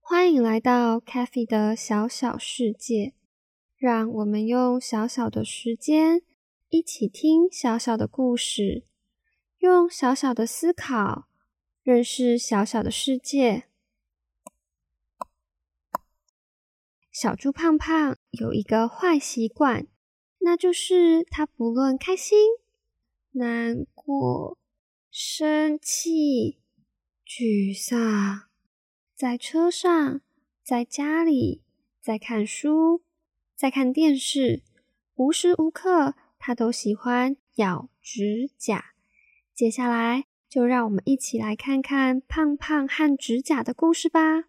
歡迎來到咖 a t h y 的小小世界，讓我們用小小的時間一起聽小小的故事，用小小的思考認識小小的世界。小豬胖胖有一個壞習慣，那就是他不論開心、難過、生氣、沮喪，在車上、在家裡、在看書、在看電視，無時無刻他都喜歡咬指甲。接下來就讓我們一起來看看胖胖和指甲的故事吧。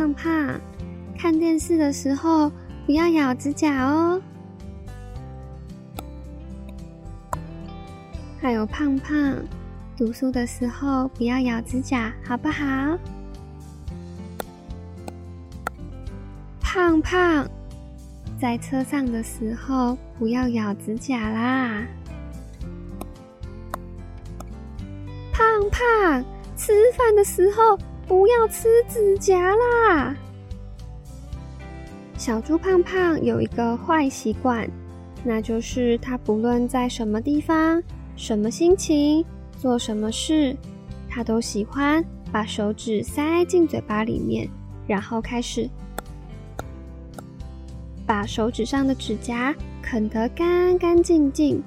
胖胖，看電視的時候不要咬指甲哦。還有胖胖，讀書的時候不要咬指甲，好不好？胖胖，在車上的時候不要咬指甲啦。胖胖，吃飯的時候。不要吃指甲啦！小豬胖胖有一個壞習慣，那就是他不論在什麼地方、什麼心情、做什麼事，他都喜歡把手指塞進嘴巴裡面，然後開始把手指上的指甲啃得乾乾淨淨。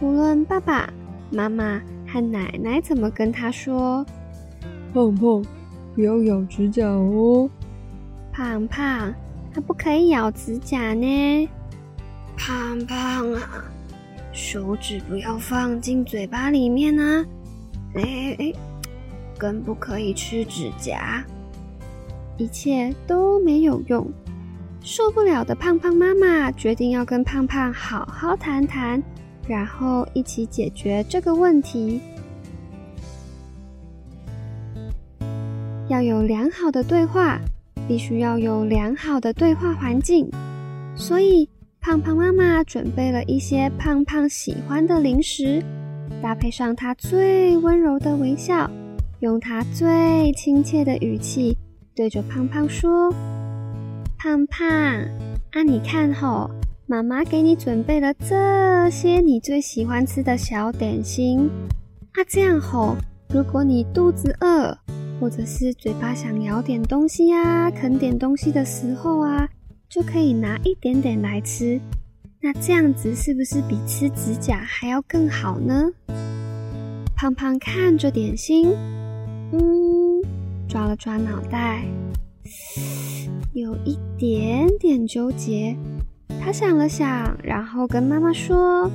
無論爸爸媽媽和奶奶怎麼跟他說，胖胖。不要咬指甲哦，胖胖，他不可以咬指甲呢，胖胖啊，手指不要放進嘴巴裡面啊，哎哎哎，更不可以吃指甲。一切都沒有用，受不了的胖胖媽媽決定要跟胖胖好好談談，然後一起解決這個問題。要有良好的對話，必須要有良好的對話環境。所以，胖胖媽媽準備了一些胖胖喜歡的零食，搭配上她最溫柔的微笑，用她最親切的語氣對着胖胖說：“胖胖啊，你看吼，媽媽給你準備了這些你最喜歡吃的小點心。啊，這樣吼，如果你肚子餓。”或者是嘴巴想咬點東西呀、啊，啃點東西的時候啊，就可以拿一點點來吃。那這樣子是不是比吃指甲還要更好呢？胖胖看着點心，嗯，抓了抓腦袋，有一點點糾結。他想了想，然後跟媽媽說：“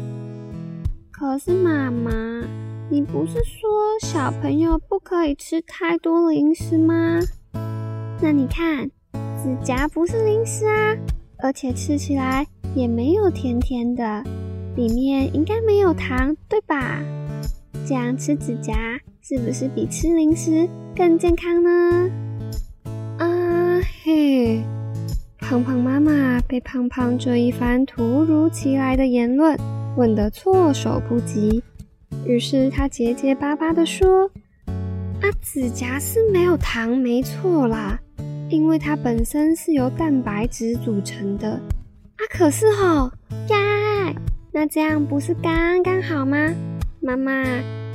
可是媽媽。”你不是說小朋友不可以吃太多零食嗎？那你看，指甲不是零食啊，而且吃起來也沒有甜甜的，裡面應該沒有糖，對吧？這樣吃指甲是不是比吃零食更健康呢？啊嘿，胖胖媽媽被胖胖這一番突如其來的言論問得措手不及。於是他結結巴巴地說：“啊，指甲是沒有糖，沒錯啦，因為它本身是由蛋白質組成的。啊，可是吼，呀，那這樣不是剛剛好嗎？媽媽，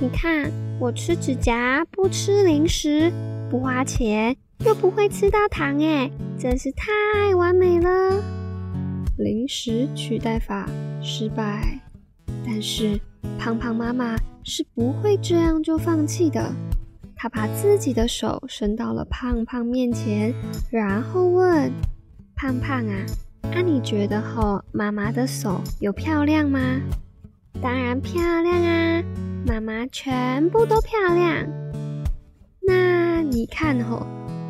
你看，我吃指甲，不吃零食，不花錢，又不會吃到糖，哎，真是太完美了。零食取代法失敗，但是。”胖胖媽媽是不會這樣就放棄的，她把自己的手伸到了胖胖面前，然後問：“胖胖啊，那、啊、你覺得吼媽媽的手有漂亮嗎？”“當然漂亮啊，媽媽全部都漂亮。”“那你看吼，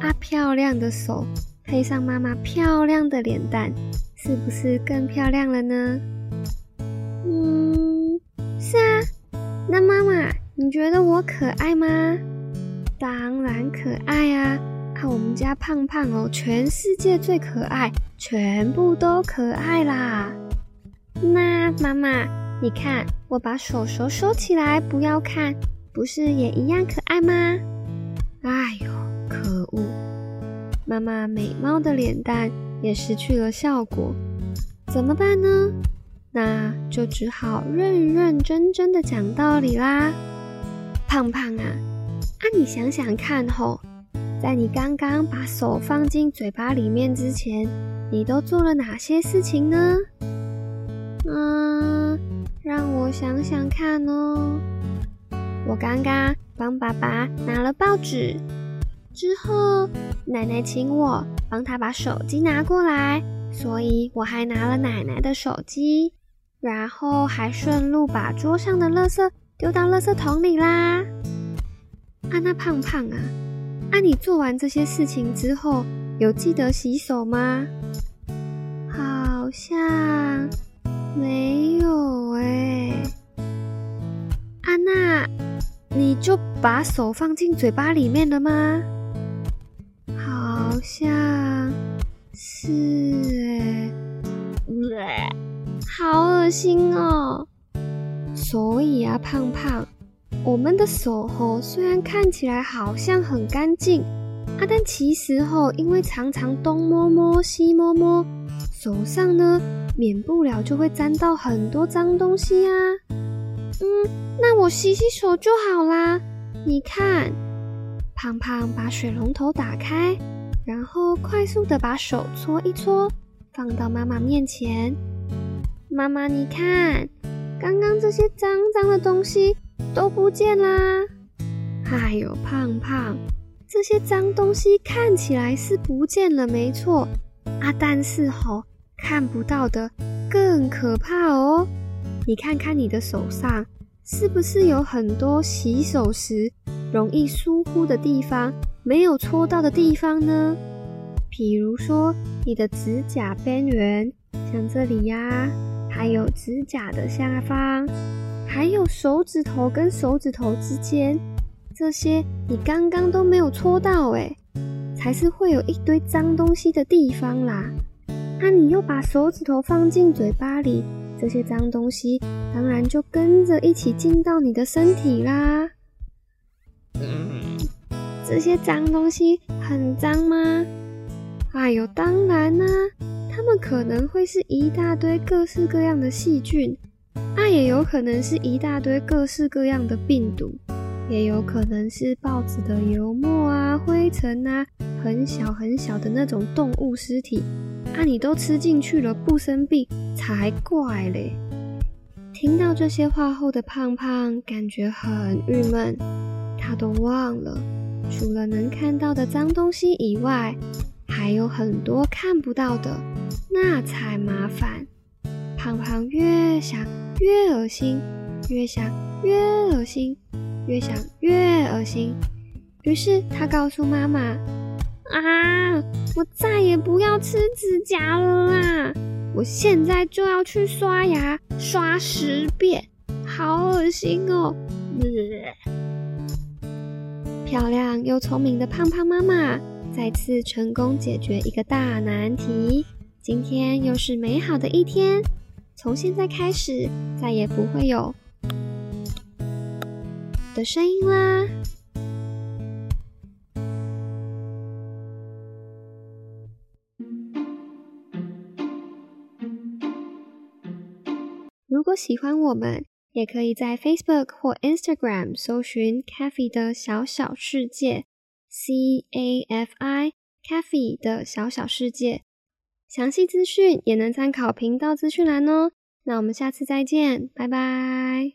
啊漂亮的手配上媽媽漂亮的臉蛋，是不是更漂亮了呢？”嗯。是啊，那媽媽，你覺得我可愛嗎？當然可愛啊！看我們家胖胖哦，全世界最可愛，全部都可愛啦！那媽媽，你看我把手手收起來，不要看，不是也一樣可愛嗎？哎呦，可惡！媽媽美貌的臉蛋也失去了效果，怎麼辦呢？那就只好認認真真的講道理啦。胖胖啊，啊你想想看哦，在你剛剛把手放進嘴巴裡面之前，你都做了哪些事情呢？啊、嗯，讓我想想看哦，我剛剛幫爸爸拿了報紙，之後奶奶請我幫他把手機拿過來，所以我還拿了奶奶的手機。然後還順路把桌上的垃圾丟到垃圾桶裡啦。啊那胖胖啊，啊你做完這些事情之後有記得洗手嗎？好像沒有欸。啊那，你就把手放進嘴巴裡面了嗎？好像是。心哦，所以啊，胖胖，我們的手哈、哦，雖然看起來好像很乾淨，啊，但其實哈、哦，因為常常東摸摸、西摸摸，手上呢，免不了就會沾到很多髒東西啊。嗯，那我洗洗手就好啦。你看，胖胖把水龍頭打開，然後快速的把手搓一搓，放到媽媽面前。媽媽，你看，剛剛這些髒髒的東西都不見啦！哎呦，胖胖，這些髒東西看起來是不見了，沒錯啊，但是吼，看不到的更可怕哦！你看看你的手上，是不是有很多洗手時容易疏忽的地方，沒有搓到的地方呢？比如說你的指甲邊緣，像這裡呀、啊。還有指甲的下方，還有手指頭跟手指頭之間，這些你剛剛都沒有搓到哎、欸，才是會有一堆髒東西的地方啦。那、啊、你又把手指頭放進嘴巴裡，這些髒東西當然就跟着一起進到你的身體啦。嗯、這些髒東西很髒嗎？哎喲，當然啦、啊。他們可能會是一大堆各式各樣的細菌，啊，也有可能是一大堆各式各樣的病毒，也有可能是報紙的油墨啊、灰塵啊、很小很小的那種動物屍體啊，你都吃進去了，不生病才怪嘞！聽到這些話後的胖胖感覺很鬱悶，他都忘了，除了能看到的髒東西以外。還有很多看不到的，那才麻煩。胖胖越想越惡心，越想越惡心，越想越惡心。於是他告訴媽媽：“啊，我再也不要吃指甲了啦！我現在就要去刷牙，刷十遍，好惡心哦、呃！”漂亮又聰明的胖胖媽媽。再次成功解決一個大難題，今天又是美好的一天。從現在開始，再也不會有的聲音啦。如果喜歡我們，也可以在 Facebook 或 Instagram 搜尋 Cathy 的小小世界。C A F I C A F I 的小小世界，詳細資訊也能參考頻道資訊欄哦。那我們下次再見，拜拜。